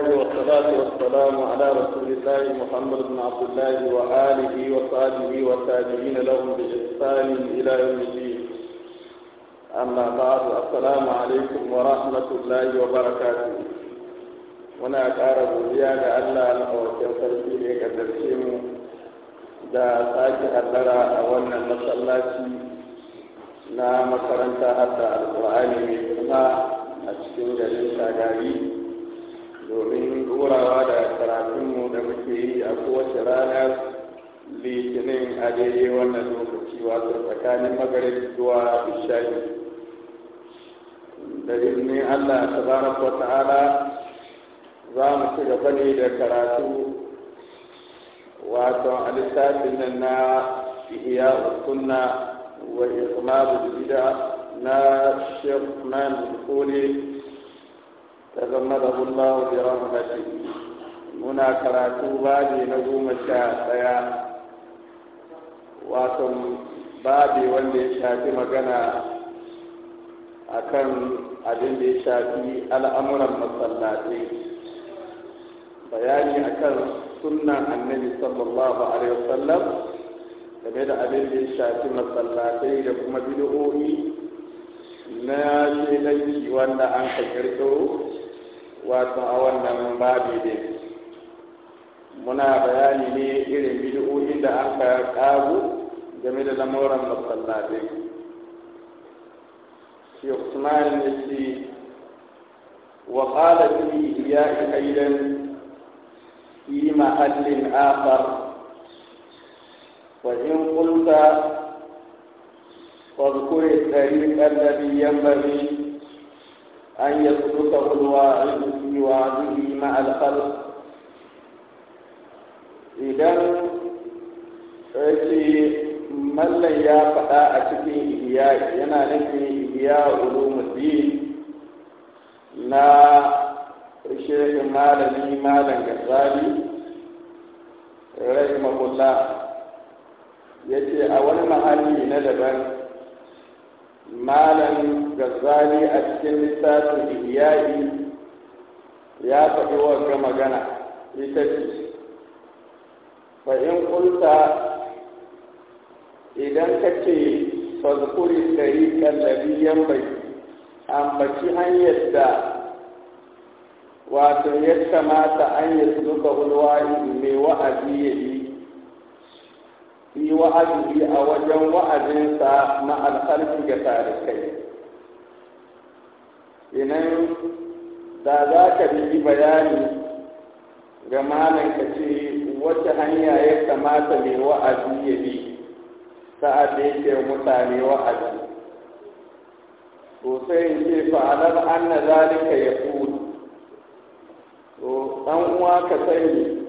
الله والصلاة والسلام على رسول الله محمد بن عبد الله وآله وصحبه والتابعين لهم بإحسان إلى يوم الدين أما بعد السلام عليكم ورحمة الله وبركاته muna ƙara godiya ga Allah alƙawarin sarki da mu da sake hadara a wannan masallaci na makaranta hadda alƙur'ani mai girma a cikin garin shagari domin dorawa da karatunmu da muke yi a kowace rana litinin a daidai wannan lokaci wato tsakanin magarin zuwa bishayi da izinin allah Ta ko ta'ala za mu ci gaba ne da karatu wato a lissafin nan na ihya sunna wa iqmalu bid'a na shekh man da تزمده الله برحمته منا كراتو بابي نقوم الشاعر واتم babi wanda ya shafi magana a kan abin da ya shafi al'amuran masallatai bayani a kan sunan annabi sallallahu alaihi wasallam game da abin da ya shafi masallatai da kuma bid'o'i na shelanci wanda an ka kirkiro wato a wannan babi ne muna bayani ne irin bid'o'in da an ka kago game da lamuran masallatai shi usman ya ce wa qala fi iya'i aidan fi mahallin akhar wa in kulta واذكر الطريق الذي ينبغي أن يسلكه الواعظ في وعده مع الخلق idan ce mallan ya faɗa a cikin iya yana nufin iya ulumuddin na shekin malami malam gazali rahimahullah ya ce a wani mahalli na daban malam gazali a cikin littafin iyayi ya faɗi wata magana ita ce fa in kunta idan ka ce fazkuri dari kallabi yan bai ambaci hanyar da wato ya kamata an yi zuka ulwani mai wa'azi ya yi fi wa'azi a wajen wa'azinsa na alƙarfi ga tarikai inan da za ka bi bayani ga malam ka ce wata hanya ya kamata mai wa'azi ya bi sa'ad da yake mutane wa'azi to sai in ce fa'alar an na zalika ya to ɗan uwa ka sani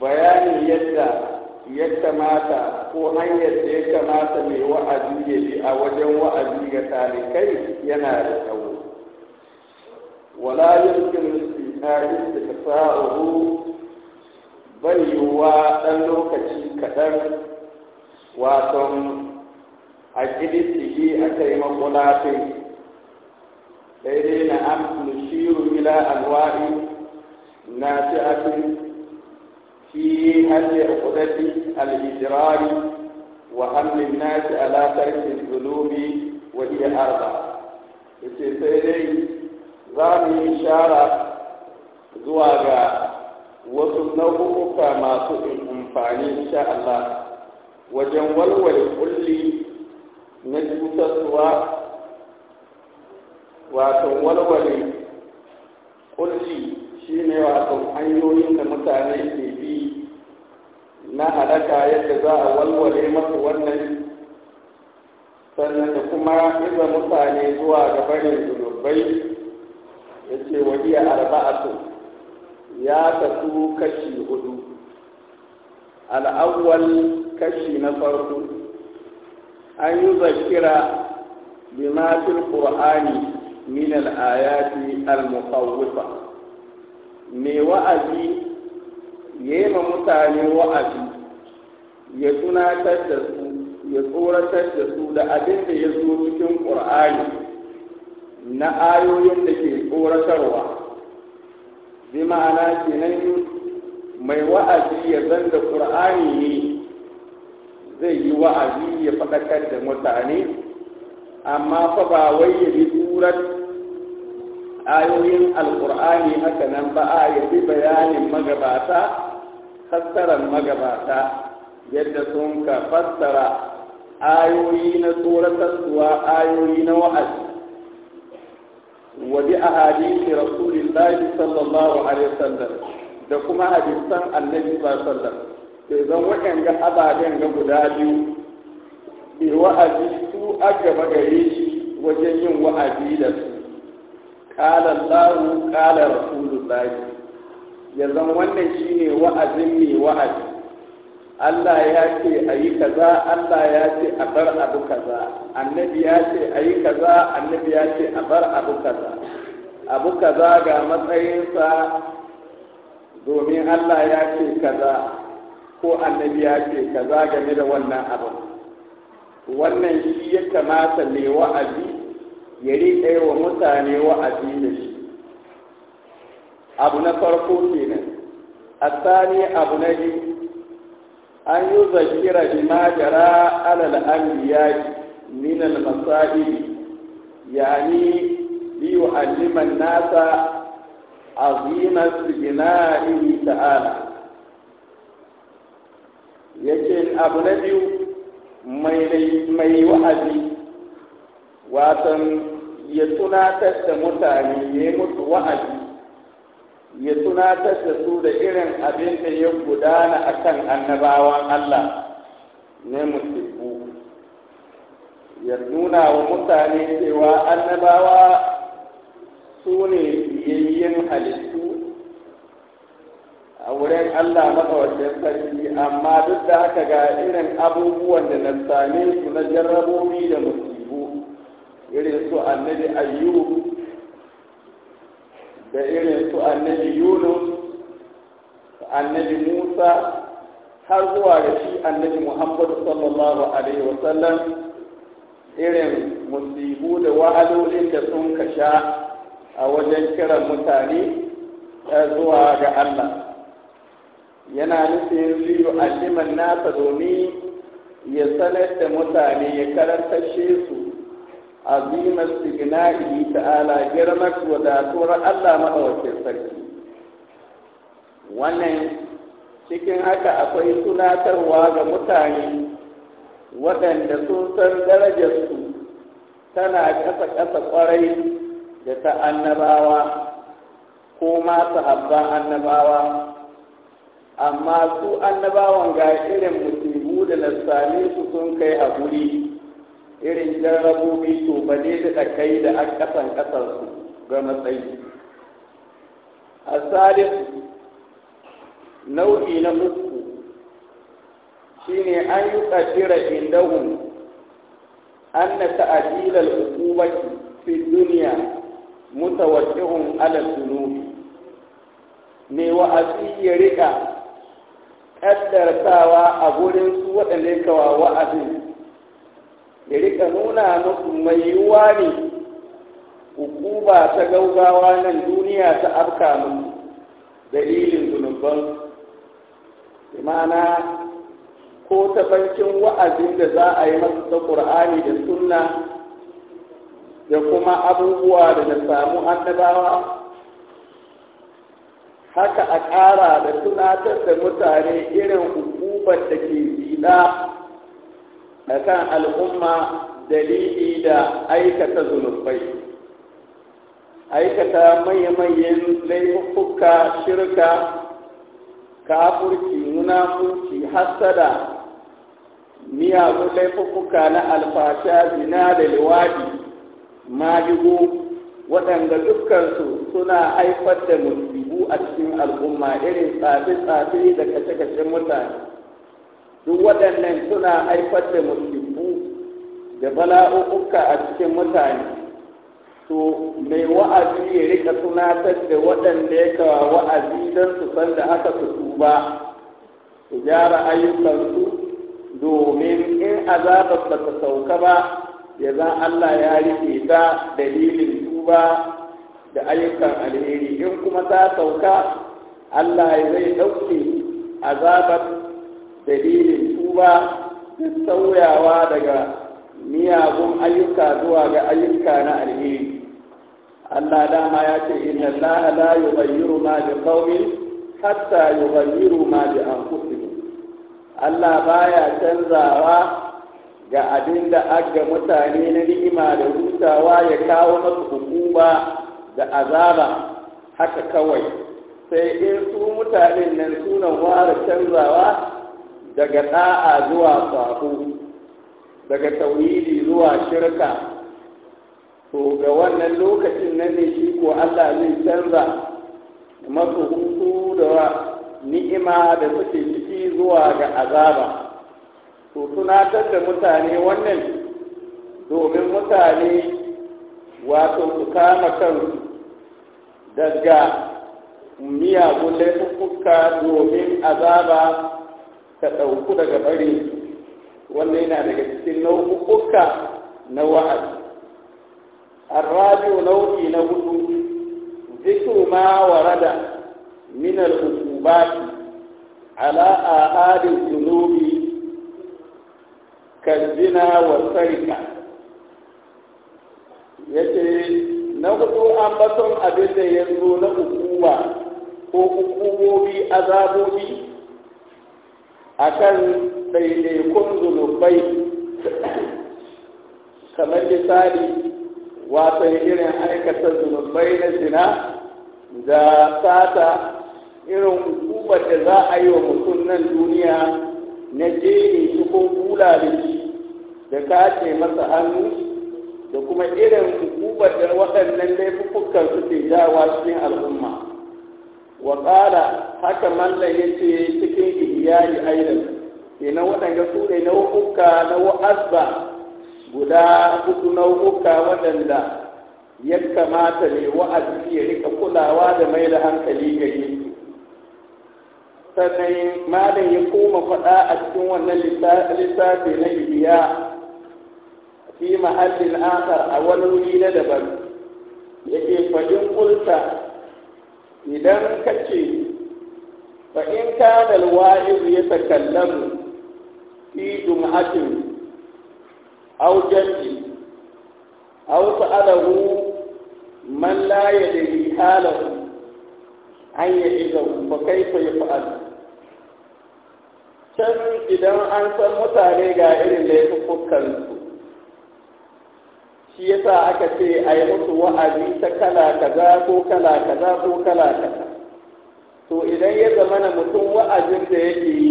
bayani yadda ya kamata ko hanyar da ya kamata mai wa'azi ya bi a wajen wa'azi ga talikai yana da tsawo wala yankin tsarin da sa'uru bai yiwuwa ɗan lokaci kaɗan waton a ƙididdige a kai makulafin daidai na an shiru ila alwari na fi'atin في هل عقدة الإجرار وحمل الناس على ترك الذنوب وهي أربعة yace sai dai za mu yi shara zuwa ga wasu nau'uka masu amfani insha Allah wajen walwale kulli na cutarwa wato walwale kulli shine wato hanyoyin da mutane ke na halaka yadda za a walwale masu wannan sannan da kuma iza mutane zuwa ga barin zunubai ya ce wajiya arba'atu ya tafi kashi hudu al'awwal kashi na farko an yi zakira بما ƙur'ani min al'ayati al المخوفة me wa'azi ya yi ma mutane wa'azi ya tunatar da su ya tsoratar da su da abin da ya zo cikin ƙur'ani na ayoyin da ke tsoratarwa bi ma'ana kenan mai wa'azi ya zan da ƙur'ani ne zai yi wa'azi ya faɗakar da mutane amma fa ba wai ya bi turar ayoyin alƙur'ani haka nan ba a ya bayanin magabata fassarar magabata yadda sun ka fassara ayoyi na tsoratarsuwa ayoyi na wa'azi wa bi ahadisi rasulillahi sallallahu alaihi wasallam da kuma hadisan annabi sallallahu alaihi sai zan ga ababen ga guda biyu bi wa'azi su aka gaba shi wajen yin wa'azi da su qala Allahu qala rasulullahi ya zama wannan shine wa'azin mai wa'azi Allah ya ce a yi kaza Allah ya ce a bar abu kaza annabi ya ce a yi kaza annabi ya ce a bar abu kaza abu kaza ga matsayinsa domin Allah ya ce kaza ko annabi ya ce kaza game da wannan abu wannan shi ya kamata mai wa'azi ya riƙe wa mutane wa'azi da shi abu na farko a Sani abu na biyu an yi zakira bi ma jara alal anbiya min al masa'ib yani li yu'allima an-nasa azima sijnaihi ta'ala yake abu na biyu mai mai wa'azi watan ya tunatar da mutane ya mutu wa'azi ya tunatar da su da irin abin da ya gudana a kan annabawan Allah ne musulku ya nuna wa mutane cewa annabawa su ne yayyen halittu a wurin Allah matsawacin sarki amma duk da haka ga irin abubuwan da na same su na jarrabobi da musibu irin su annabi ayyubu da irin su annabi yunus annabi musa har zuwa da shi annabi muhammadu sallallahu alaihi wasallam irin musibu da wa'alolin da sun ka sha a wajen kiran mutane eh, zuwa ga allah yana nufin biyu alliman nasa domin ya sanar da mutane ya karantashe su azimar sigina'i ta'ala girmar wadatuwar Allah maɗaukin sarki wannan cikin haka akwai tunatarwa ga mutane waɗanda sun san darajarsu tana ƙasa-ƙasa ƙwarai da ta annabawa ko masu sahabban annabawa amma su annabawan ga irin musibu da na same su sun kai a guri irin jarrabobi to ba ne da kai da an kasan su ga matsayi a sadis nau'i na uku shine an yi ƙaddira indahun an na ta'adilar hukumaki fi duniya mutawajjihun ala sunubi ne wa'azi ya riƙa ƙaddartawa a gurin su waɗanda kawawa wa'azin ya rika nuna musu mai yiwuwa ne hukuma ta gaugawa nan duniya ta afka min dalilin zunuban imana ko ta bankin wa'azin da za a yi masu ta ƙur'ani da sunna da kuma abubuwa da na samu annabawa haka a ƙara da tunatar da mutane irin hukumar da ke zina akan al'umma dalili da aikata zunubai aikata manya-manyan laifuka shirka kafurci munafurci hassada miyagun laifuka na alfasha zina da liwadi mahigo waɗanda dukkansu suna haifar da musibu a cikin al'umma irin tsafe-tsafe da kace-kace mutane duk waɗannan suna haifar da musibu da bala'uka a cikin mutane to mai wa'azi ya rika tunatar da waɗanda ya kawa wa'azi don su san da aka su tuba su gyara ayyukansu domin in azabar ba ta sauka ba ya zan Allah ya rike ta dalilin tuba da ayyukan alheri in kuma ta sauka Allah zai ɗauke azabar dalilin tuba da sauyawa daga miyagun ayyuka zuwa ga ayyuka na alheri Allah dama ya ce inna Allah la yughayyiru ma bi qaumin hatta yughayyiru ma bi anfusihim Allah baya canzawa ga abinda da aga mutane na ni'ima da hutawa ya kawo masu hukuma da azaba haka kawai sai in su mutanen nan sunan ware canzawa daga ɗa'a zuwa sako daga tauhidi zuwa shirka to ga wannan lokacin na ne shi ko Allah zai canza masu hutu da ni'ima da suke ciki zuwa ga azaba to tunatar da mutane wannan domin mutane wato su kama kansu daga miyagun laifuka domin azaba ta ɗauku daga bari wanda yana daga cikin nau'uka na wa'azi hudu zikru ma warada min al من ala على آهاد الذنوب wa sarika yace na hudu an baton abin da ya na hukuma ko hukumomi azabobi akan ɗaiɗaikun zunubai kamar misali wato irin aikata zunubai na zina da sata irin hukumar da za a yi wa mutum nan duniya na jini kun kula da shi da kace masa hannu da kuma irin hukumar da waɗannan laifukan ke jawa cikin al'umma wa haka mallan ya ce cikin rijali aidan kenan waɗanda su ne nau'uka na wa'azba guda hudu nau'uka waɗanda ya kamata ne wa'azi ya rika kulawa da mai da hankali ga su sannan malam ya koma faɗa a cikin wannan lissafi na ibiya fi mahallin akar a wani wuri na daban yake faɗin kulta idan ka ce fa in kana ya yatakallamu fi jum'atin aw jam'i aw sa'alahu man la yadri halahu an ya'idahu fa kaifa yaf'al San idan an san mutane ga irin su shi yasa aka ce a yi musu wa'azi ta kala kaza ko kala kaza ko kala kaza to idan ya zama na mutum wa'azin da yake yi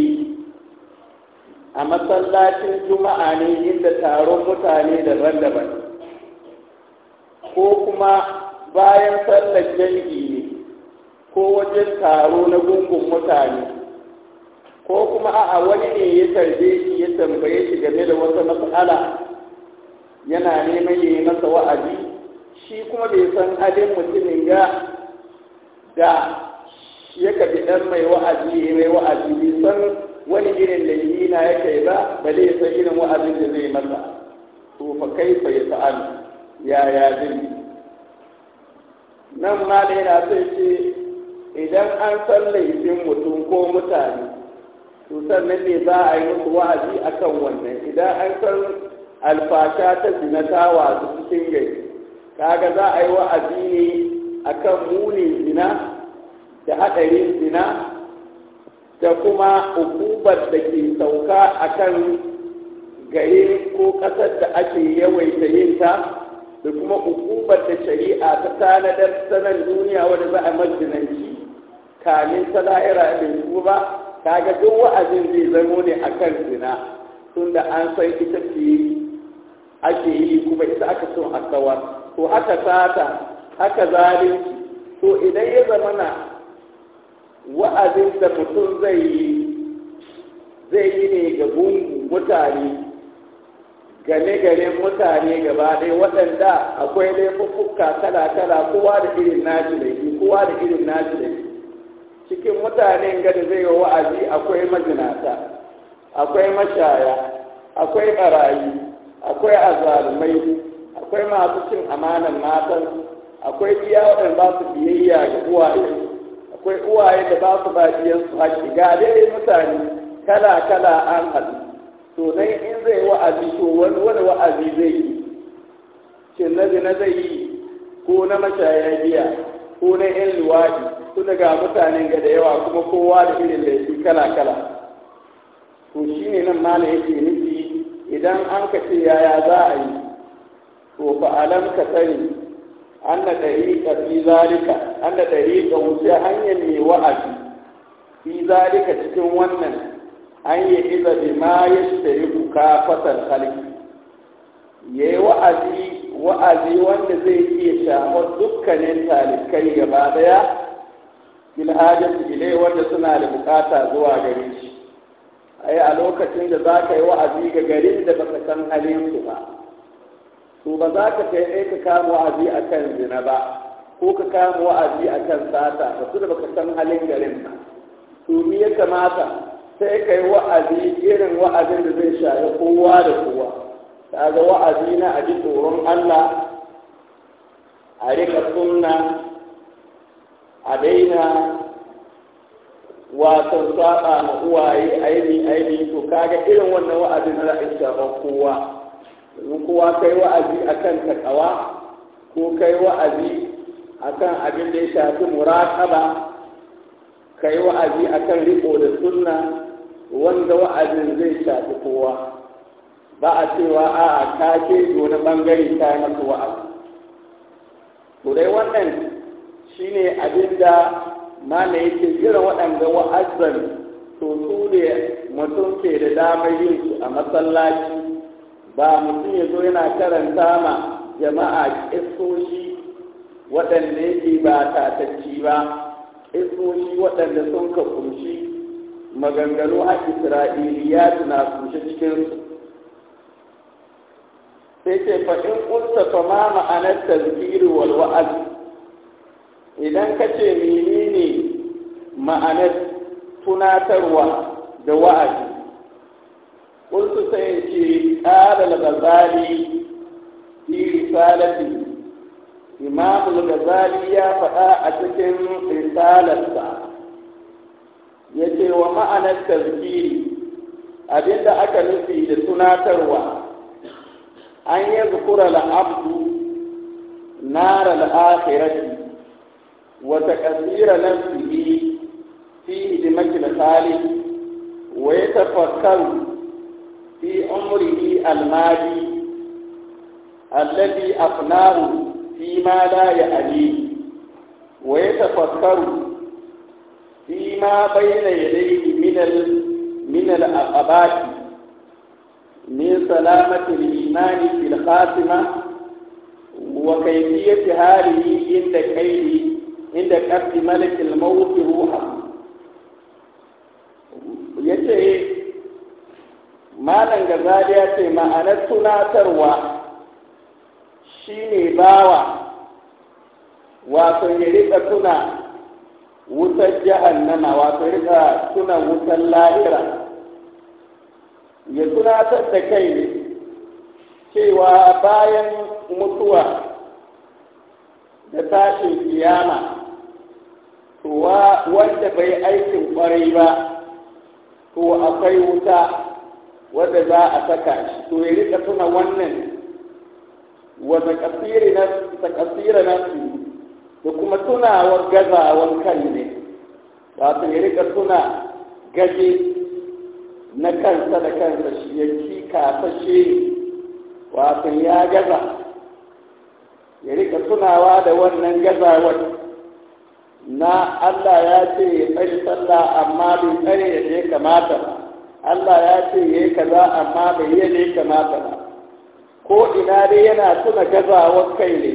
a masallacin juma'a ne inda taron mutane daban-daban ko kuma bayan sallar jangi ne ko wajen taro na gungun mutane ko kuma a wani ne ya tarbe shi ya tambaye shi game da wata matsala yana neman ya masa wa'azi shi kuma bai san adin mutumin ga da ya kafi ɗan mai wa'azi mai wa'azi bai san wani irin da yi na ya kai ba ba zai san irin wa'azin da zai masa to fa kai fa ya fa'al ya ya zai nan ma da yana sai ce idan an san laifin mutum ko mutane to sannan ne za a yi musu wa'azi akan wannan idan an san alfasha ta zinata wasu cikin gari kaga za a yi wa'azi ne akan munin zina da haɗarin zina da kuma hukubar da ke sauka a kan gare ko ƙasar da ake yawaita yin ta da kuma hukubar da shari'a ta tanadar sanar duniya wadda za a majinanci kamin ta la'ira da su ba kaga duk wa'azin zai zamo ne a kan zina tun da an san ita ce ake yi kuma ita aka so a kawar to aka sata haka zalunci to idan ya zama na wa'azin da mutum zai yi zai yi ne ga mutane gane-gane mutane gaba ɗaya waɗanda akwai laifuffuka kala-kala kowa da irin naji yi kowa da irin naji yi. cikin mutanen gada zai yi wa'azi akwai majinata akwai mashaya akwai ɓarayi akwai azalumai akwai masu cin amanan matan akwai iya waɗanda ba su biyayya ga uwaye akwai uwaye da ba su a haƙi ga dai mutane kala kala an haɗu to dai in zai wa'azi to wani wani wa'azi zai yi shin na na zai yi ko na mashaya biya ko na yan luwaɗi su daga mutanen ga da yawa kuma kowa da irin laifi kala kala to ne nan ma yake nufi idan an ka yaya za a yi to fa ka sani an da ɗariƙa fi zalika hanyar mai wa'azi fi zalika cikin wannan an yi iza bi ma ya halki ya yi wa'azi wanda zai iya shafar dukkanin talikai gaba daya fil hajjatu wanda suna da bukata zuwa gare shi ai lokacin da za ka yi wa'azi ga garin da baka san halin ba to ba za ka kai ɗaya ka kama wa'azi a kan zina ba ko ka kama wa'azi a kan sata ba su da baka san halin garin ba to mi ya kamata sai ka yi wa'azi irin wa'azin da zai shaye kowa da kowa ta ga wa'azi na a ji tsoron Allah a rika sunna a daina wasan saba na uwaye aini aini to kaga irin wannan wa'azin na ra'ayin shafan kowa in kowa kai wa'azi akan takawa ko kai wa'azi akan abin da ya shafi muraqaba kai wa'azi akan riko da sunna wanda wa'azin zai shafi kowa ba a cewa a ka ce wani bangare ta maka wa'azi to dai wannan shine abin da mana yake jiran waɗanda wa'azan to su ne mutum ke da damar yin su a masallaci ba mutum ya zo yana karanta ma jama'a iskoshi waɗanda yake ba tatacci ba iskoshi waɗanda sun ka kunshi maganganu a isra'iliya na cikin cikinsu sai ce faɗin ƙunsa fa ma ma'anar tazkiri wal idan ka ce menene ma'anar tunatarwa da wa'azi قلت سيدي قال الغزالي في رسالته إمام الغزالي يا فقاء أتكن رسالة يتي ومعنى التذكير أبدا أكا نسي لسنا تروى أن يذكر العبد نار الآخرة وتكثير نفسه في دمك الخالق ويتفكر في عمره المالي الذي أفناه فيما لا يأليه ويتفكر فيما بين يديه من من العقبات من سلامة الإيمان في الخاتمة وكيفية هذه عند كيد عند كف ملك الموت روحه malam gazali ya ce ma'anar tunatarwa shi ne bawa wato ya riƙa tuna wutar jahannama wato ya riƙa tuna wutar lahira ya tunatar da kai ne cewa bayan mutuwa da tashin kiyama to wanda bai aikin kwarai ba to akwai wuta wanda za a saka shi to ya rika tuna wannan ta kasira na su da kuma tunawar gazawar kan ne su ya rika tuna gaje na kansa da kansa shi ya kika fashe wato ya gaza ya rika tunawa da wannan gazawar na Allah ya ce ya tsari sallah amma bai tsare da ya kamata ba Allah ya ce yi kaza amma bai yi ne kamata ba ko ina dai yana tuna gazawar kai ne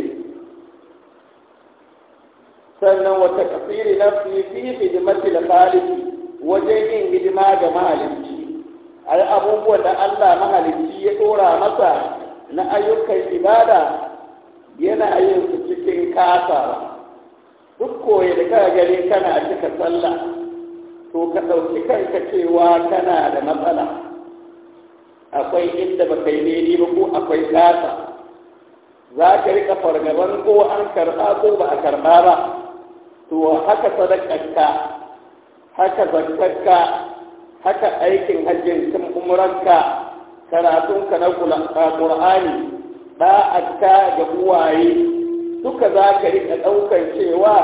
sannan wata kasiri na fifi hidimati da faliki wajen yin hidima ga mahalicci ai abubuwan da Allah mahalicci ya tsora masa na ayyukan ibada yana yin su cikin kasa duk koyi da kaga kana cika sallah to ka ɗauki kanka cewa tana da matsala akwai inda ba kai ne ba ko akwai gasa za ka riƙa fargaban ko an karɓa ko ba a karɓa ba to haka sadakarka haka zakarka haka aikin hajjin kan umuranka karatunka na ƙur'ani ɗa'adka ga uwaye duka za ka riƙa ɗaukar cewa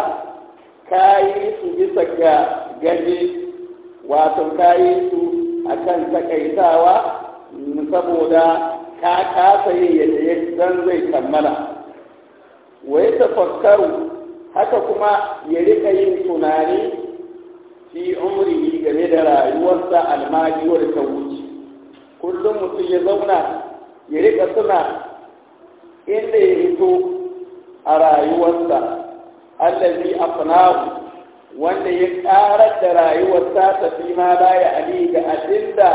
ka yi su bisa ga gani wato ka yi su a kan takaitawa saboda ka kasa yin yadda ya zan zai kammala Wai ta tafakkaru haka kuma ya rika yin tunani fi umri game da rayuwarsa almajiyar ta wuce kullum mutum ya zauna ya rika suna inda ya hito a rayuwarsa allazi afnahu wanda ya karar da rayuwar ta fi ma baya ali ga abinda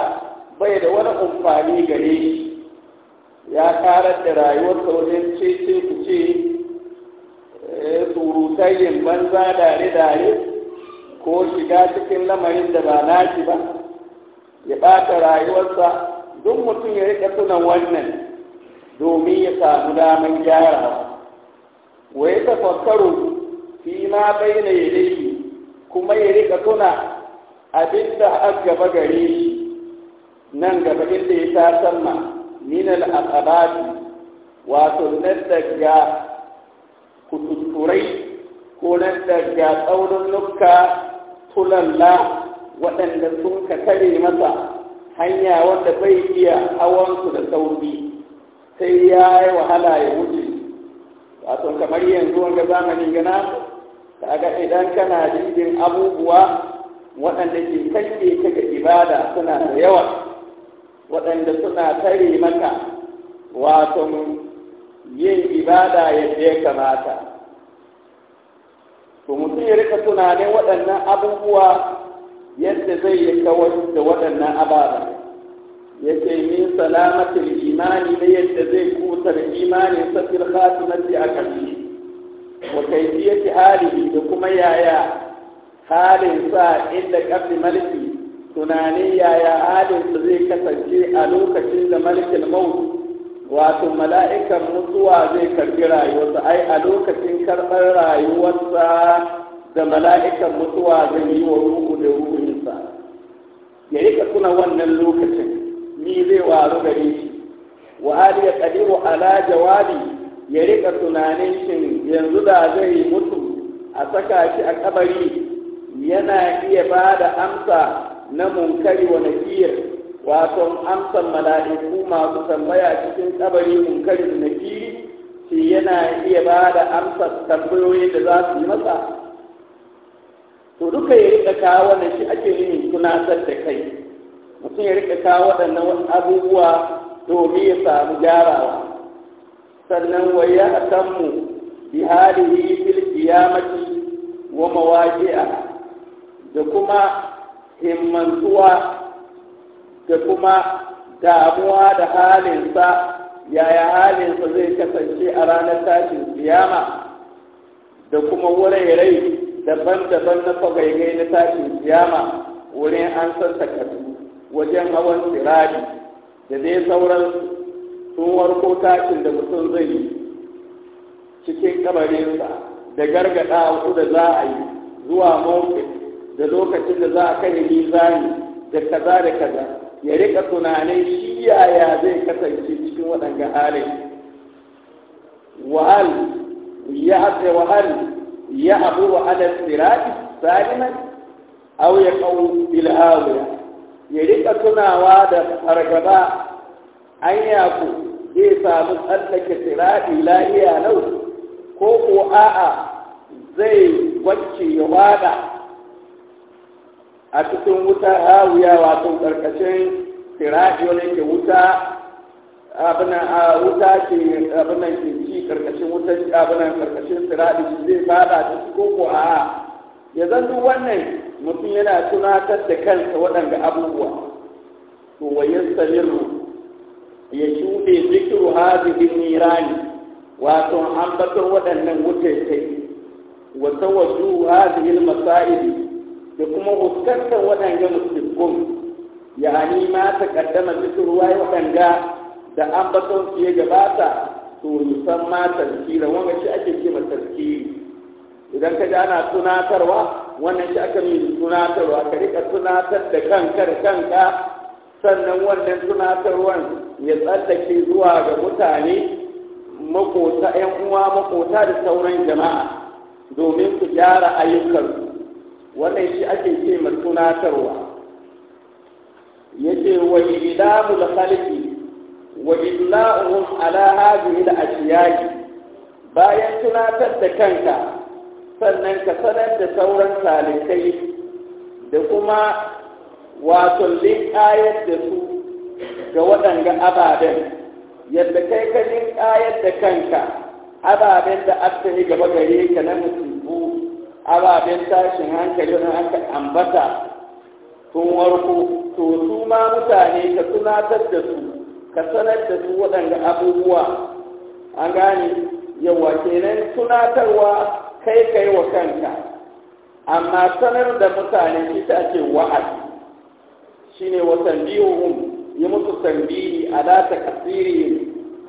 bai da wani amfani gare shi ya karar da rayuwar wajen cece ku ce eh, surutayin banza dare-dare ko shiga cikin lamarin da ba shi ba ya ɓata rayuwarsa duk mutum ya rika tunan wannan domin ya samu daman gyara. wa ya tafakkaru fi ma bai na yi kuma ya rika tuna abin da aka gaba gare nan gaba inda ya tasar ma minal aqabati wato nan daga kututturai ko nan daga nuka tulalla waɗanda sun ka kare masa hanya wanda bai iya hawansu da sauki sai ya yi wahala ya wuce wato kamar yanzu wanga zamanin gana kaga idan kana jirgin abubuwa waɗanda ke kashe ka ga ibada suna da yawa waɗanda suna tare maka wato yin ibada yadda ya kamata to mutum ya rika tunanin waɗannan abubuwa yadda zai yi kawar da waɗannan ababa ya ce min salamatul imani da yadda zai da imanin safir khatimati a kashi wa kaifiyati alibi da kuma yaya halin sa inda qabli maliki tunani yaya halin zai kasance a lokacin da malikin maut wato mala'ikan mutuwa zai karbi rayuwarsa a lokacin karɓar rayuwarsa da mala'ikan mutuwa zai yi wa ruhu da ruhunsa ya rika kuna wannan lokacin ni zai waru gare shi wa hali ya qadiru ala jawabi ya rika tunanin shin yanzu da zai mutu a saka shi a kabari yana iya ba da amsa na munkari wa nakiyar wato amsan mala'iku masu tambaya cikin kabari da nakiri shi yana iya ba da amsa tambayoyin da za su yi masa to duka ya rika kawo wannan shi ake yin tunatar da kai mutum ya rika kawo waɗannan abubuwa domin ya samu gyarawa sannan wa ya atammu bi halihi fil qiyamati wa mawaji'a da kuma himmantuwa da kuma damuwa da halinsa yaya halinsa zai kasance a ranar tashin kiyama da kuma wurare daban-daban na fagaigai na tashin kiyama wurin an san takardu wajen hawan sirari da dai sauransu tsohuwar ko tashin da mutum zai yi cikin kabarinsa da gargada wasu da za a yi zuwa mawukin da lokacin da za a kai mizani da kaza da kaza ya rika tunanin shi yaya zai kasance cikin waɗanga halin wahal ya ase wahal ya abu wa ala sirati saliman aw ya qawu bil awiya ya rika tunawa da fargaba an ku. zai samu tsallake siraɗi lahiya lau ko ko a'a zai wacce ya wada a cikin wuta hawiya wato ƙarƙashin siraɗi wani ke wuta abinan a wuta ke abinan ke ci ƙarƙashin wuta abinan ƙarƙashin siraɗi zai fada ta ko ko a'a ya zan wannan mutum yana tunatar da kansa waɗanda abubuwa to wa yastamirru ya shuɗe zikiru hazihin nirani wato ambaton waɗannan wutatai wa tawajju hazihin masa'ili da kuma fuskantar waɗannan musulkun yani ma ta kaddama zikiru ya waɗanga da ambaton su ya gabata to musamman tazkira wanda shi ake ce ma idan ka ji ana tunatarwa wannan shi aka yi tunatarwa ka rika tunatar da kanka da kanka sannan wannan tunatarwar ya tsallake zuwa ga mutane makota ‘yan uwa makota da sauran jama'a domin su gyara ayyukansu wannan shi ake ce ma tunatarwa wani wa da khalqi wa illa'uhum ala da al bayan tunatar da kanka sannan ka sanar da sauran salikai da kuma wato linkayar da su ga waɗanga ababen yadda kai ka linkayar da kanka ababen da aka yi gaba gare ka na musibu ababen tashin hankali na aka ambata sun warko to su ma mutane ka tunatar da su ka sanar da su waɗanda abubuwa an gane yawa kenan tunatarwa kai kai wa kanka amma sanar da mutane ita ce wa'azi shine wa tanbihuhum yi musu tambihi ala takasirihim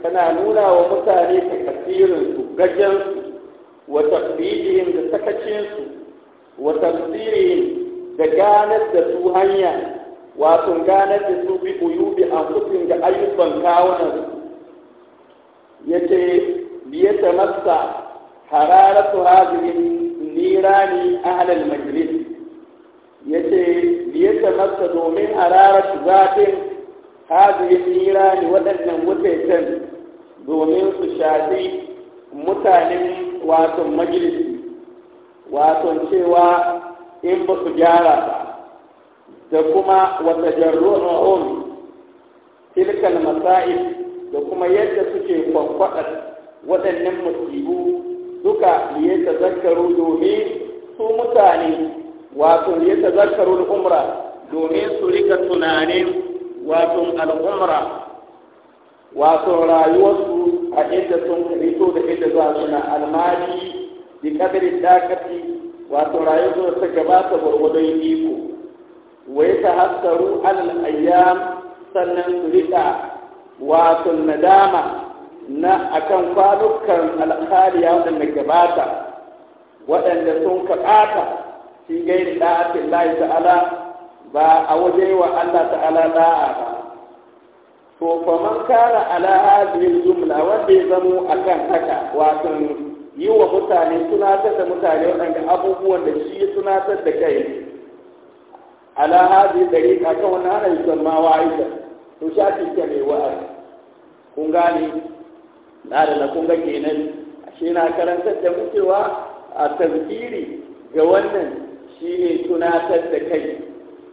kana nuna wa mutane takasirin su gajen wa tafsirihim da sakacin su wa tafsirihim da ganar da su hanya wato ganar da su bi uyubi a kufin da ayyukan kawunan su yace biye ta masa hararatu hadhihi nirani ahlal ya yace liyatamarta domin a rarar zafin hadirin tsira ne waɗannan mutaitan domin su shafi mutanen wato majalisi wato cewa in ba su gyara ba da kuma wata jarru'un tilkal masa'il da kuma yadda suke kwakwadar waɗannan musibu duka liye zakaru domin su mutane wato ya tazakkaru al'umra domin su rika tunanin wato al'umra wato rayuwarsu a inda sun rito da inda na al almari bi kadirin dakati wato rayuwarsu ta gabata gwargwadon iko wai ta hassaru alal ayyam sannan su rika wato nadama na akan kwanukan alkhaliya wadanda gabata waɗanda sun kaɓata fi gairi da'atin lahi ta'ala ba a waje wa Allah ta'ala da'a ba to fa man kana ala hadhihi jumla wanda ya zamo kan haka wato yi wa mutane tunatar da mutane waɗanda abubuwan da shi tunatar da kai ala hadhihi a kan wani ana wa aiki to shi ke mai wa'ar kun gane na da na kunga kenan shi na karantar da mutuwa a tazkiri ga wannan shi ne tunatar da kai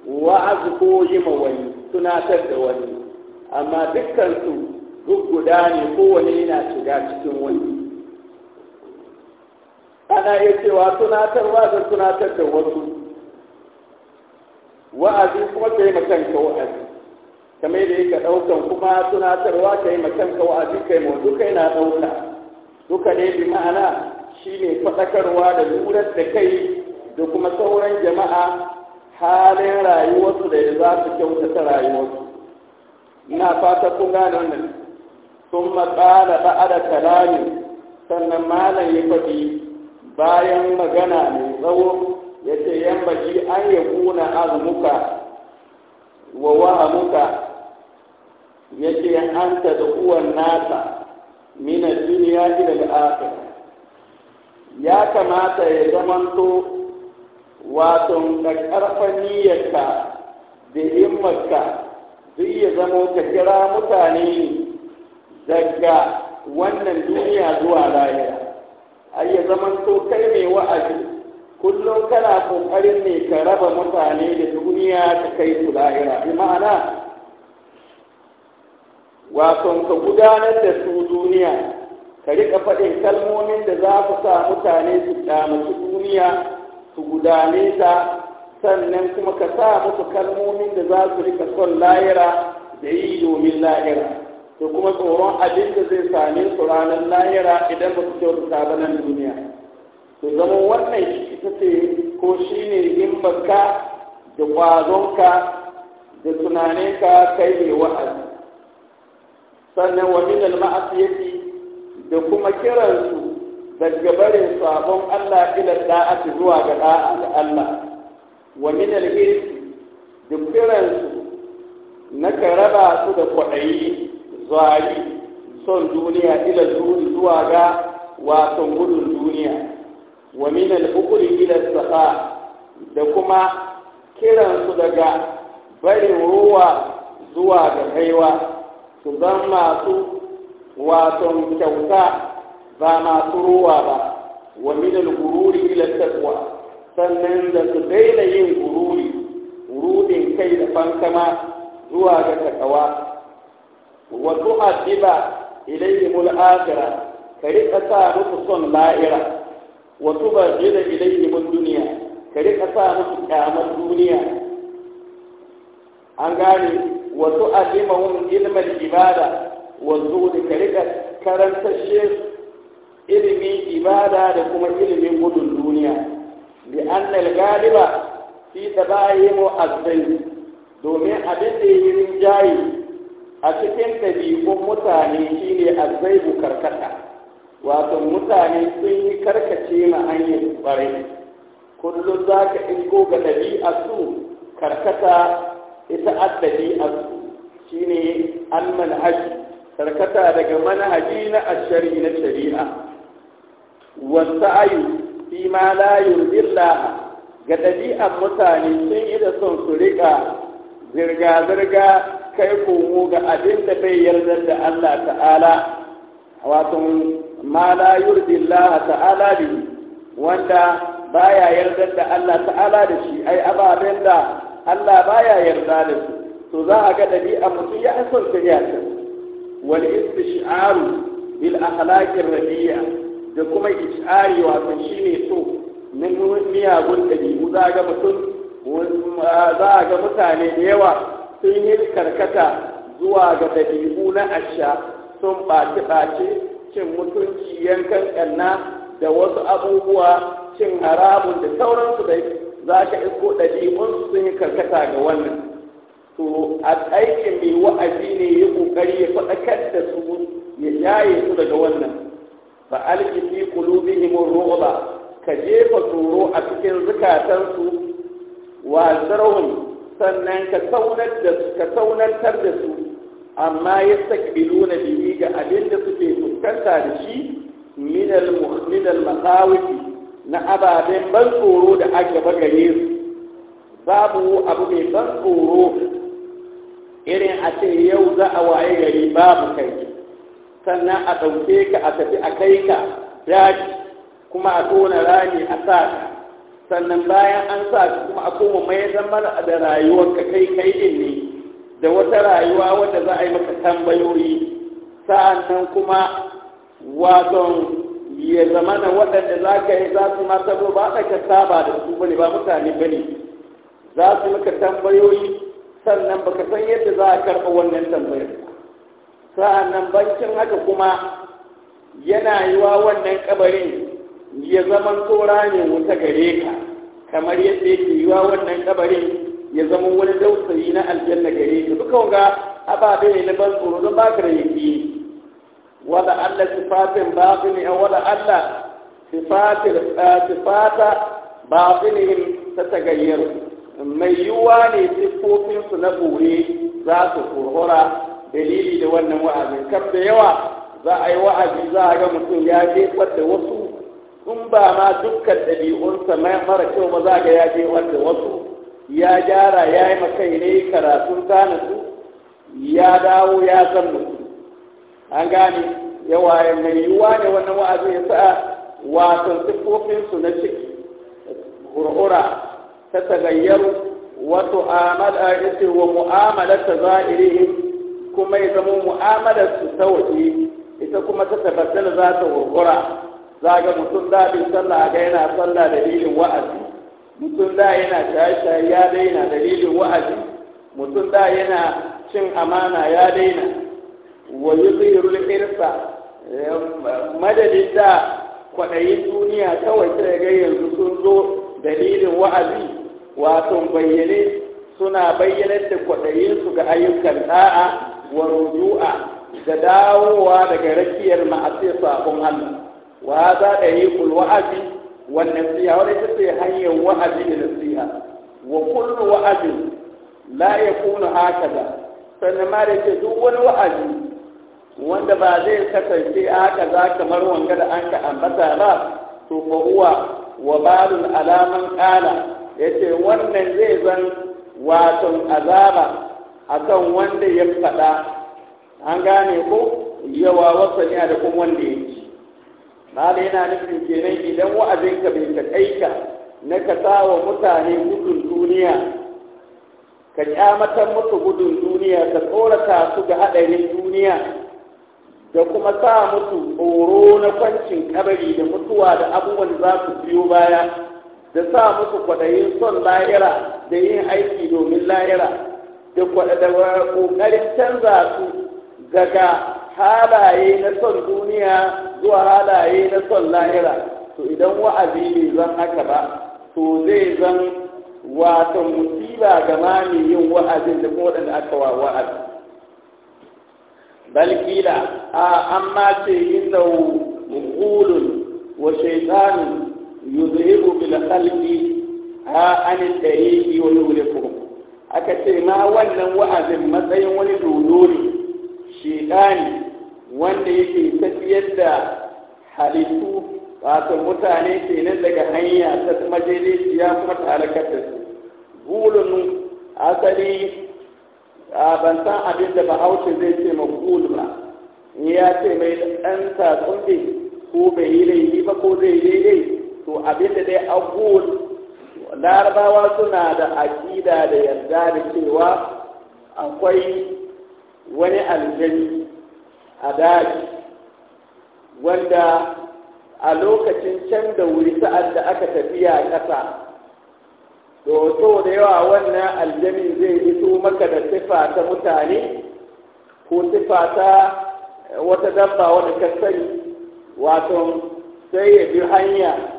wa'azu ko yi ma wani tunatar da wani amma dukkansu duk guda ne kowane yana shiga cikin wani ana iya cewa tunatarwa da tunatar da wasu wa'azi kuma ta yi makanka wa'azi kamar da yake ɗaukan kuma tunatarwa ta yi makanka wa'azi kai ma duka yana ɗauka duka ne bi ma'ana shine faɗakarwa da lura da kai da kuma sauran jama'a halin rayuwarsu da ya za su kyautata rayuwarsu ina fata kun gane wannan sun matsala da kalami sannan malam ya faɗi bayan magana mai tsawo ya ce yan baki an ya kuna azumuka wa wahamuka ya ce an ta da uwan nasa mina duniya ila al'akira ya kamata ya zamanto wato da ƙarfan niyyarka da himmarka duk ya zamo ka kira mutane daga wannan duniya zuwa lahira ai ya zama to kai mai wa'azi kullum kana kokarin ne ka raba mutane da duniya ta kai su lahira bi ma'ana wato ka gudanar da su duniya ka riƙa faɗin kalmomin da za ku sa mutane su kyamaci duniya su gudane ta sannan kuma ka sa musu kalmomin da za su rika son layira da yi domin layira da kuma tsoron abin da zai same su ranar idan ba su kyautata ba nan duniya to zama wannan ta ce ko shi ne himbarka da ƙwazonka da tunaninka kai mai wa'azi sannan wa min al-ma'asiyati da kuma kiransu daga barin sabon Allah ila da'ati zuwa ga da'a ga Allah wa min al da dukkan na karaba su da kwaɗayi zuwari son duniya ila zuri zuwa ga wasan gudun duniya wa min al ila safa da kuma kiran su daga barin ruwa zuwa ga haiwa su zama masu wasan kyauta ba masu ruwa ba wa min al-gururi ila taqwa sannan da su daina yin gururi rudin kai da fankama zuwa ga takawa wa tu'addiba ilayhim al-akhirah ka rika sa musu son la'ira wa tubajjila ilayhim ad-dunya ka rika sa musu kyamar duniya an gane wa tu'allimahum ilmal ibada wa zuhd ka rika karantashe Ilimi ibada da kuma ilimin gudun duniya bi Annar galiba fi tabayimu azzai domin abin da yi rinjaye a cikin ɗabi'un mutane shine azzaibu karkata wato mutane sun yi karkace ma hanyar bare. kullum za ka ingo ga ɗabi'a su karkata ita addabi a shine an manhaji karkata daga manhaji na ashari na shari'a wasa'ayu fi ma la yurdillah ga ɗabi'an mutane sun yi da son su riƙa zirga-zirga kai komo ga abin da bai yarda da Allah ta'ala wato ma la yurdillah ta'ala bi wanda baya yarda da Allah ta'ala da shi ai ababen da Allah baya yarda da su to za a ga ɗabi'a mutum ya asal ta wal istish'aru bil akhlaqir rabi'a da kuma ishari wato shi ne so na miyagun ɗabi'u za ga mutum za a ga mutane da yawa sun yi karkata zuwa ga ɗabi'u na asha sun ɓace ɓaci cin mutunci yankan ƙanna da wasu abubuwa cin harabun da sauransu dai za ka isko ɗabi'un sun yi karkata ga wannan to a aikin mai wa'azi ne ya ƙoƙari ya faɗakar da su ya yaye su daga wannan fa alki fi qulubihim ar-ru'ba ka jefa tsoro a cikin zukatansu wa zarhum sannan ka saunar da ka da su amma yastakbiluna bihi ga abin da suke fuskanta da shi min al-muhmin al na ababen ban tsoro da ake bagare su babu abu mai ban tsoro irin a ce yau za a waye gari babu kai sannan a ɗauke ka a tafi a kai ka daji kuma a tona rami a sa ka sannan bayan an sa ka kuma a koma mai zama da rayuwar ka kai kai din ne da wata rayuwa wadda za a yi maka tambayoyi sa'annan kuma wazon ya zama na waɗanda za ka yi za su ma saboda ba ka saba da su bane ba mutane bane za su maka tambayoyi sannan baka san yadda za a karɓa wannan tambayar sa'annan bankin haka kuma yana yi wa wannan kabarin ya zama tsora ne wuta gare ka kamar yadda yake yi wa wannan kabarin ya zama wani dausayi na aljanna gare ka duka wanga ababe ne na ban tsoro don ba ka da yaki wala Allah sifatin ne aw wada Allah ba su ne ta tagayyar mai yiwuwa ne sifofinsu na bore za su kurhura dalili da wannan wa'azin kaf da yawa za a yi wa'azi za a ga mutum ya je da wasu in ba ma dukkan ɗabi'unsa mara kyau ba za ga ya je da wasu ya gyara ya yi makai ne karatun tanasu ya dawo ya san mutum an gane yawa ya mai yiwuwa ne wannan wa'azi ya sa wasan siffofinsu na ciki hurhura ta tagayyaru wato amal a wa mu'amalar ta zahirihim kuma ya zama mu'amalar su ta waje ita kuma ta tabbatar za ta gurgura za ga mutum da bin sallah ga yana sallah dalilin wa'azi mutum da yana shaye-shaye ya daina dalilin wa'azi mutum da yana cin amana ya daina wa yuzhirul irsa madadin da kwaɗayin duniya kawai sai ga yanzu sun zo dalilin wa'azi wato bayyane suna bayyanar da kwaɗayinsu ga ayyukan da'a wa ruju'a da dawowa daga rakiyar ma'asir sabon Allah wa za da yi wa'azi wa nasiha wani ita ce hanyar wa'azi da nasiha wa kullu wa'azi la yakunu hakaza sannan ma da ce duk wani wa'azi wanda ba zai kasance haka za kamar wanga da an ka ambata ba to fa uwa wa balul alaman qala yace wannan zai zan waton azaba akan wanda ya faɗa an gane ko yawa wasaniya da kuma wanda ya ci da yana nufin kenan idan wa'azinka bai taƙaita na ka wa mutane gudun duniya ka kyamatar musu gudun duniya ka tsorata su ga haɗarin duniya da kuma sa musu tsoro na kwancin kabari da mutuwa da abubuwan za su biyo baya da sa musu kwaɗayin son lahira da yin aiki domin lahira da ƙoƙarin canza su daga halaye na son duniya zuwa halaye na son lahira to idan wa'azi bai zan haka ba to zai zan wato musiba ga mami yin wa'azin da kuma waɗanda aka wa wa'azi balkila a amma ce inda mukulun wa shaitanun yuzhibu bil khalqi a an tariqi wa yuhlikum aka ce ma wannan wa'azin matsayin wani dodo ne shekani wanda yake tafiyar da halittu wato mutane ke nan daga hanya ta kuma ya kuma ta halakar su gulun asali ban san abin da bahaushe zai ce ma gulu ba ya ce mai ɗan tatsun ko bai yi laifi ba ko zai daidai to abin da dai a gulu larabawa suna da aƙida da yarda da cewa akwai wani aljani a daji wanda a lokacin can da wuri sa'ad da aka tafiya ƙasa da wato da yawa wannan aljani zai iso maka da sifa ta mutane ko sifa ta wata dabba wadda ka wato sai ya bi hanya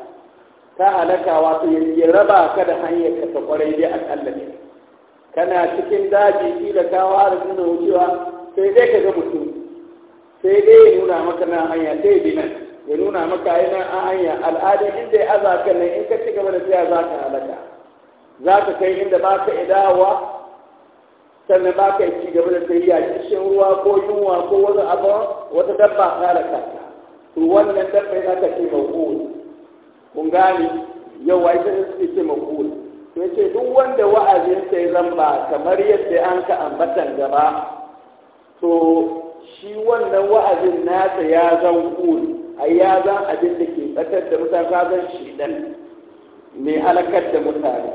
ta halaka wato ya raba ka da hanyar ka ta kwarai dai akalla ne kana cikin daji shi da kawa da suna wucewa sai dai ka ga mutum sai dai ya nuna maka na hanya sai bi nan ya nuna maka yi nan a hanya al'adar inda ya aza ka nan in ka ci gaba da tsaya za ka halaka za ka kai inda ba ka idawa sannan ba ka ci gaba da tsayya kishin ruwa ko yunwa ko wani abu wata dabba halaka to wannan dabba yana ka ce mawuyi kun gane yau ai sai suke ce makul to yace duk wanda wa'azin sai zamba kamar yadda an ka ambatan gaba to shi wannan wa'azin nasa ya zan kul ai ya zan abin da ke batar da mutane ka zan shidan mai halakar da mutane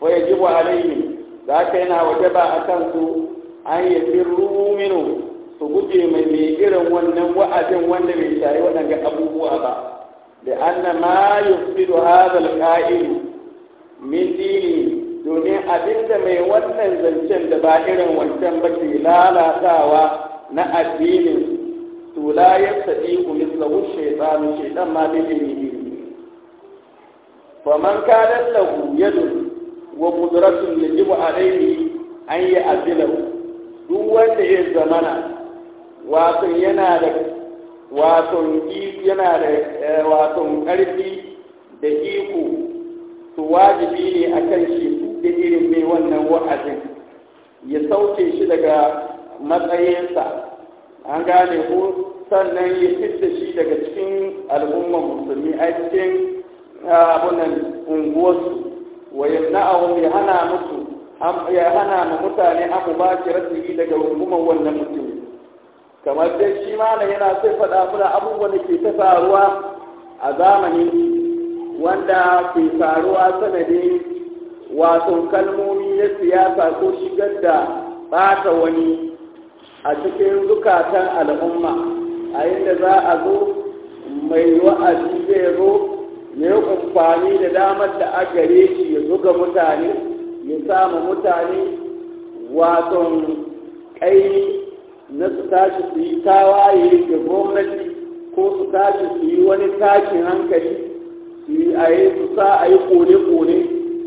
wa yajibu alaihim za ka yana ba a kan su an yi firru minu su guje mai mai irin wannan wa'azin wanda bai shayi waɗanga abubuwa ba Da ما يفسد هذا القائل من domin abin mai wannan zancen da ba irin wancan ba ke lalatawa na addinin to la yastati ku mislahu shaytanu shaytan ma bi dinihi faman kana lahu yadun wa qudratun yajibu alayhi an ya'dilahu duk wanda ya zamana wato yana da waton yana da eh, waton ƙarfi da iko to wajibi ne a kan shi da irin mai wannan wa'azin ya sauke shi daga matsayinsa an gane ko sannan ya fitta shi daga cikin al'umma, musulmi a cikin ah, abunan unguwarsu wa yamna'ahum ya hana musu ya hana mutane abu ba ki daga hukumar wannan mutum kamar dai shi malam yana sai faɗa mana abubuwan da ke ta faruwa a zamani wanda ke faruwa sanadin wato kalmomi na siyasa ko shigar da ɓata wani a cikin zukatan al'umma a inda za a zo mai wa'azi zai zo ya yi da damar da a gare shi ya zuga mutane ya samu mutane wato ƙaini na su tashi su yi tawaye da gwamnati ko su tashi su yi wani tashin hankali su yi a yi su sa a yi kone-kone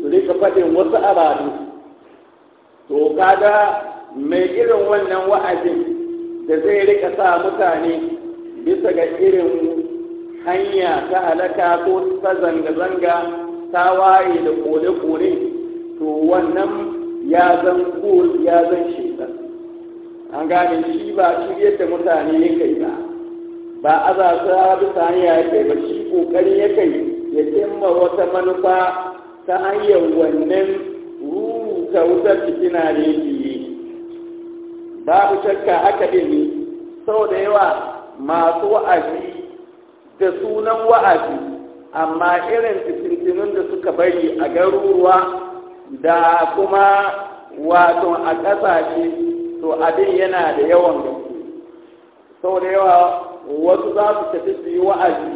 su rika faɗin wasu abadu to kaga mai irin wannan wa'azin da zai rika sa mutane bisa ga irin hanya ta halaka ko ta zanga-zanga ta waye da kone-kone to wannan ya zan ya zan shi an gane shi ba shi yadda mutane ya kai ba ba za su bisa saniya ya kai ba shi kokari ya kai ya cimma wata manufa ta hanyar wannan ta wutar fitina ne ba babu shakka haka ne sau da yawa masu wa'azi da sunan wa'azi amma irin fitintunin da suka bari a garuruwa da kuma wato a ƙasashe to abin yana da yawan gaske sau da yawa wasu za su tafi su yi wa'azi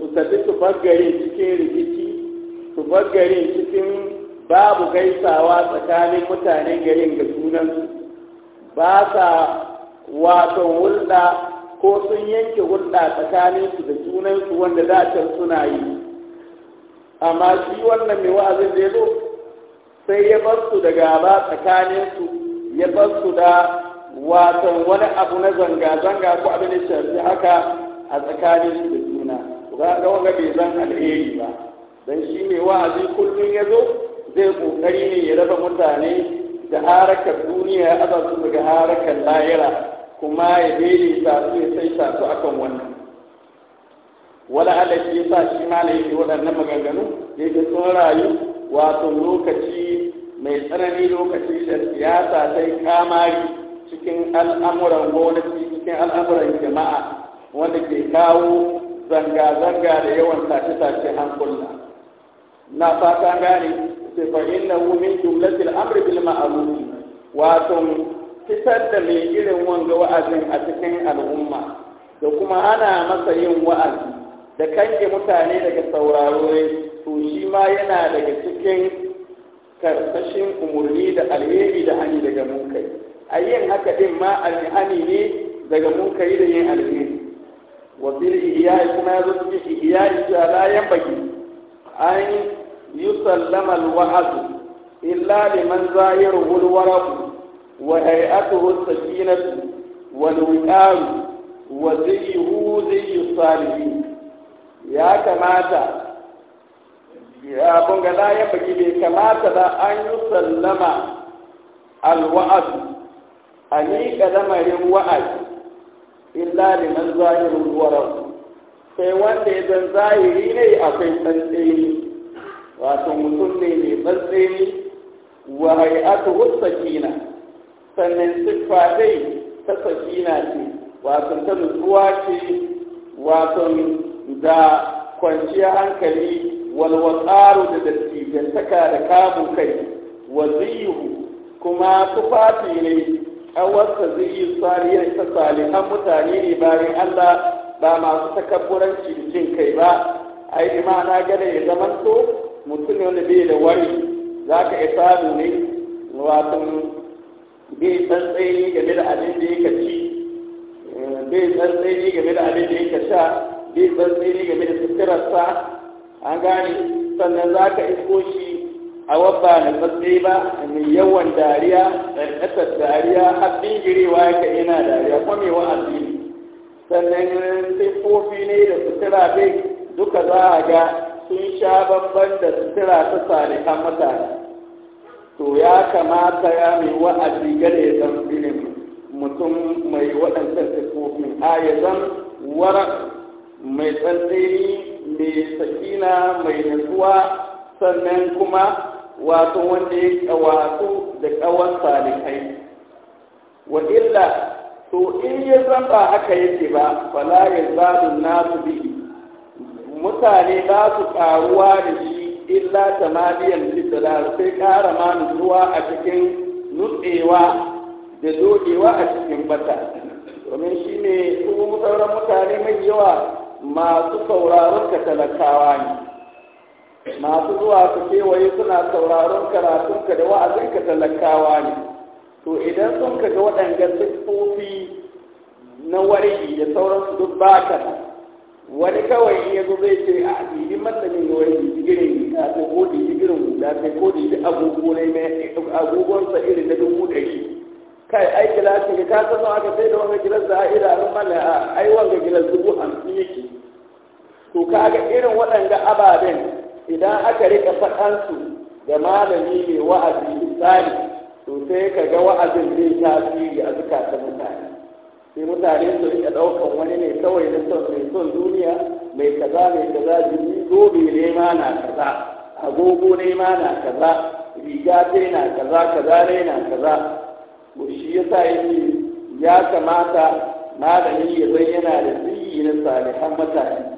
su tafi su bagare cikin rikici su bagare cikin babu gaisawa tsakanin mutanen garin ga sunansu ba sa wato hulɗa ko sun yanke hulɗa tsakanin su da sunansu wanda dacen suna yi amma shi wannan mai wa'azin da ya zo sai ya bar su da gaba su. ya bar su da watan wani abu na zanga-zanga ko abin da shafi haka a tsakanin su da juna za ga wanga bai zan alheri ba dan shi ne wa'azi kullum ya zo zai kokari ne ya raba mutane da harakar duniya ya aza su daga harakar layira kuma ya daidaita su ya saita su akan wannan wala alaki ya sa shi ma ne waɗannan maganganu yake sun rayu wato lokaci mai tsanani lokacin da siyasa ta yi kamari cikin al'amuran gwamnati cikin al'amuran jama'a wanda ke kawo zanga-zanga da yawan tashe-tashe hankula na fata gane sai na wumin min jumlatil amri bil ma'ruf wato fitar da mai irin wanga wa'azin a cikin al'umma da kuma ana masa yin wa'azi da kange mutane daga sauraro to shi ma yana daga cikin Karsashin umarni da alheri da hani daga munkari a yin haka din ma alhani ne daga munkari da yin alheri wa bil ihya'i kuma ya zo cikin ihya'i ta la yanbaghi an yusallama al-wa'd illa liman zahiruhu al-waraq wa hay'atuhu as-sakinatu wal wi'ar wa zayhu zayyu salihin ya kamata ya bunga la ya baki bai kamata da an yi sallama alwa'ad a miƙa lamarin wa'ad illa liman zahirin warar sai wanda ya zan zahiri ne akwai tsantseni wato mutum ne mai tsantseni wa hay'atu sakina sannan siffa dai ta sakina ce wato ta nutsuwa ce wato da kwanciyar hankali والوقار da dattijantaka da kamun kai wa تفاتي kuma tufafi ne ƙawarsa zai yi sariyar ta salihan mutane ne bayan allah ba masu ما da jin kai ba a na gada ya zama to mutum wanda bai da wari za ka yi samu ne wato bai tsantsaye game da abin da ya ci bai game da abin da ya sha bai game da an gane sannan za ka isko shi a wabba na matsayi ba mai yawan dariya ɗanɗasar dariya har bingirewa yaka yana dariya kuma mai wa'azi ne sannan siffofi ne da sutura bai duka za a ga sun sha babban da sutura ta salihan mutane to ya kamata ya mai wa'azi gada ya zan filin mutum mai waɗancan kofin? a ya zan warar mai tsantsini mai sakina mai nutsuwa sannan kuma wato wanda ya kawatu da kawar salihai wa illa to in ya zamba ba haka yake ba fala ya na nasu bi mutane ba su karuwa da shi illa tamaliyan fitila sai ƙara ma nutsuwa a cikin nutsewa da dogewa a cikin bata domin shi ne su sauran mutane mai yawa masu sauraron ka talakawa ne masu zuwa su kewaye suna sauraron karatun ka da ka talakawa ne to idan sun ka ga waɗanda siffofi na wari da sauran su duk baka wani kawai ya zo zai ce a ɗiɗi da wani digirin ta ko da digirin da ta ko da agogo ne mai sa irin na dubu ɗari kai ai gilasin ka san aka sai da wani gilas da a idanun mallam a ai wanga gilas dubu hamsin yake to kaga irin waɗanda ababen idan aka rika faɗansu da malami mai wa'azi misali to sai ka ga wa'azin zai tasiri a zukatan mutane sai mutane su rika ɗaukan wani ne kawai na son mai son duniya mai kaza mai kaza jini zobe ne ma na kaza agogo ne ma na kaza riga ce na kaza kaza ne na kaza to shi yasa yake ya kamata malami ya zai yana da tsiyi na salihan mutane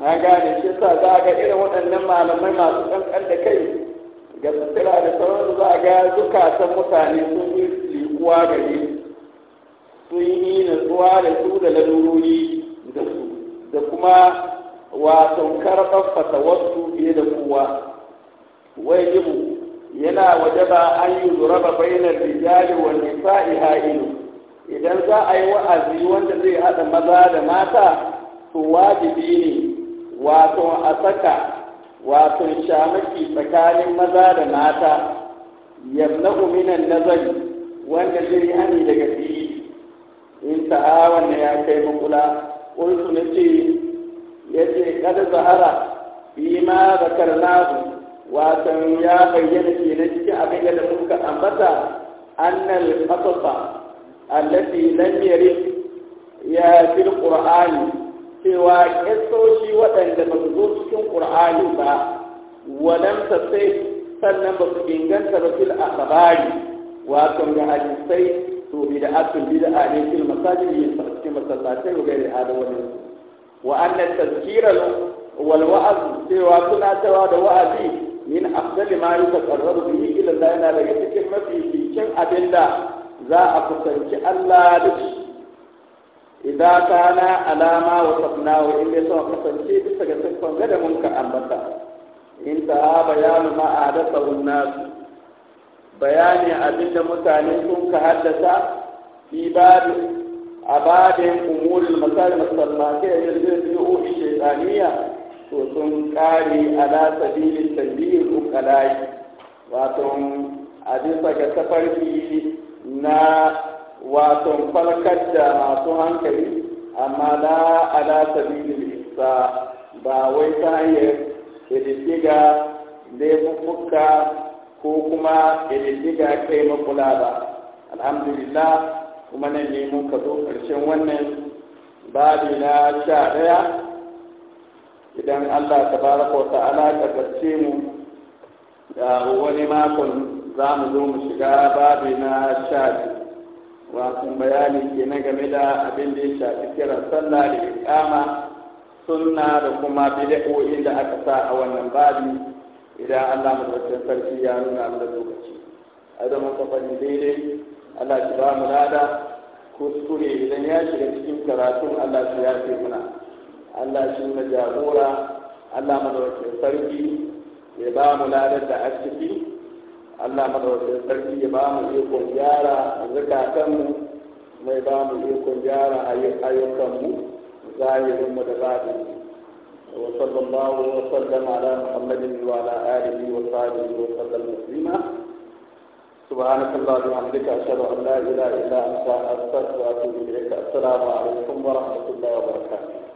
na gane shi sa za a ga irin waɗannan malamai masu ƙanƙan da kai ga sutura da sauran za a ga zukatan mutane sun yi liƙuwa gare sun yi natsuwa da su da lalurori da su da kuma wasan karɓar wasu fiye da kowa Wai wajibu yana waje ba an yi zuraba bainar rijali wa nisa'i ha'inu idan za a yi wa'azi wanda zai haɗa maza da mata to wajibi ne wato a saka wato shamaki tsakanin maza da mata yamna uminan nazari wanda zai hani daga fili in ta'a wanda ya kai makula ƙulsu na ce ya ce kada zahara fi ma zakarnahu watan ya bayyana ke na cikin abin da muka ambata annal qasasa allati lam yarid ya fil qur'ani cewa ƙasoshi waɗanda ba su zo cikin ƙur'ani ba Waɗanda sai sannan ba su inganta ba fil akhbari wato da hadisai to bid'atun bid'a ne fil masajid yin sarki masallatai wa gairi hada wani wa anna tazkira wal wa'az cewa tunatarwa da wa'azi min afdali ma yi yutaqarrabu bihi ila da yana daga cikin mafi cikin abinda za a kusanci Allah da shi idza kana alama wa safnahu in dai sun kasance bisa ga siffan gada mun ka ambata in ta bayanu ma adasa nasu bayani abinda mutane sun ka haddasa fi babu a babin umurul masal masallati a yanzu da ruhu shaytaniya to sun kare ala sabilin tanbihin ukalai wato a bisa ga tafarki na Waton farkar da masu hankali amma la ala sa isa ba wai ta hanyar ƙididdiga laifuka ko kuma ƙididdiga kai makula ba alhamdulillah kuma nan ne mun ka zo ƙarshen wannan babi na sha ɗaya idan allah ta baraka wa ta'ala ƙarfafe mu da wani makon za mu zo mu shiga babi na sha biyu wasan bayani ke na game da abin da ya shafi kiran sallah da iqama sunna da kuma bid'o'in da aka sa a wannan babi idan Allah madaukakin sarki ya nuna mu da lokaci a zama muka daidai Allah ki ba mu lada kuskure idan ya shiga cikin karatun Allah shi ya fi muna Allah shi na jagora Allah madaukakin sarki ya ba mu ladar da a ciki Allah madawacin sarki ya ba ikon gyara zukatanmu mai ba ikon gyara ayyukanmu zahirinmu da وصلى الله وسلم على محمد وعلى آله وصحبه وسلم تسليما سبحانك اللهم وبحمدك أشهد أن لا إله إلا أنت أستغفرك وأتوب إليك السلام عليكم ورحمة الله وبركاته